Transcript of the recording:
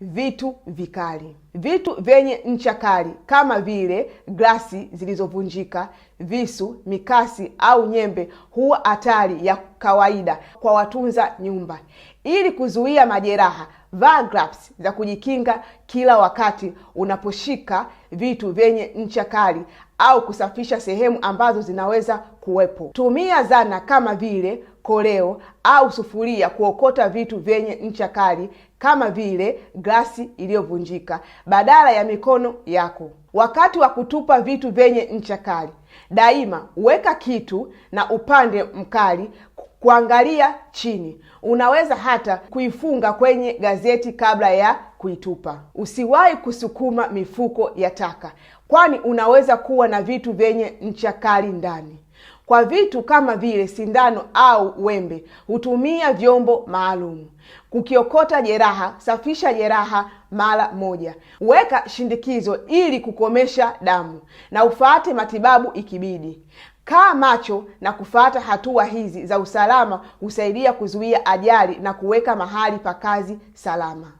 vitu vikali, vitu vyenye ncha kali kama vile glasi zilizovunjika, visu, mikasi au nyembe huwa hatari ya kawaida kwa watunza nyumba. Ili kuzuia majeraha, Vaa gloves za kujikinga kila wakati unaposhika vitu vyenye ncha kali au kusafisha sehemu ambazo zinaweza kuwepo. Tumia zana kama vile koleo au sufuria kuokota vitu vyenye ncha kali kama vile glasi iliyovunjika badala ya mikono yako. Wakati wa kutupa vitu vyenye ncha kali, daima weka kitu na upande mkali kuangalia chini. Unaweza hata kuifunga kwenye gazeti kabla ya kuitupa. Usiwahi kusukuma mifuko ya taka, kwani unaweza kuwa na vitu vyenye ncha kali ndani. Kwa vitu kama vile sindano au wembe, hutumia vyombo maalum. Kukiokota jeraha, safisha jeraha mara moja. Weka shindikizo ili kukomesha damu na ufaate matibabu ikibidi. Kaa macho na kufata hatua hizi za usalama husaidia kuzuia ajali na kuweka mahali pa kazi salama.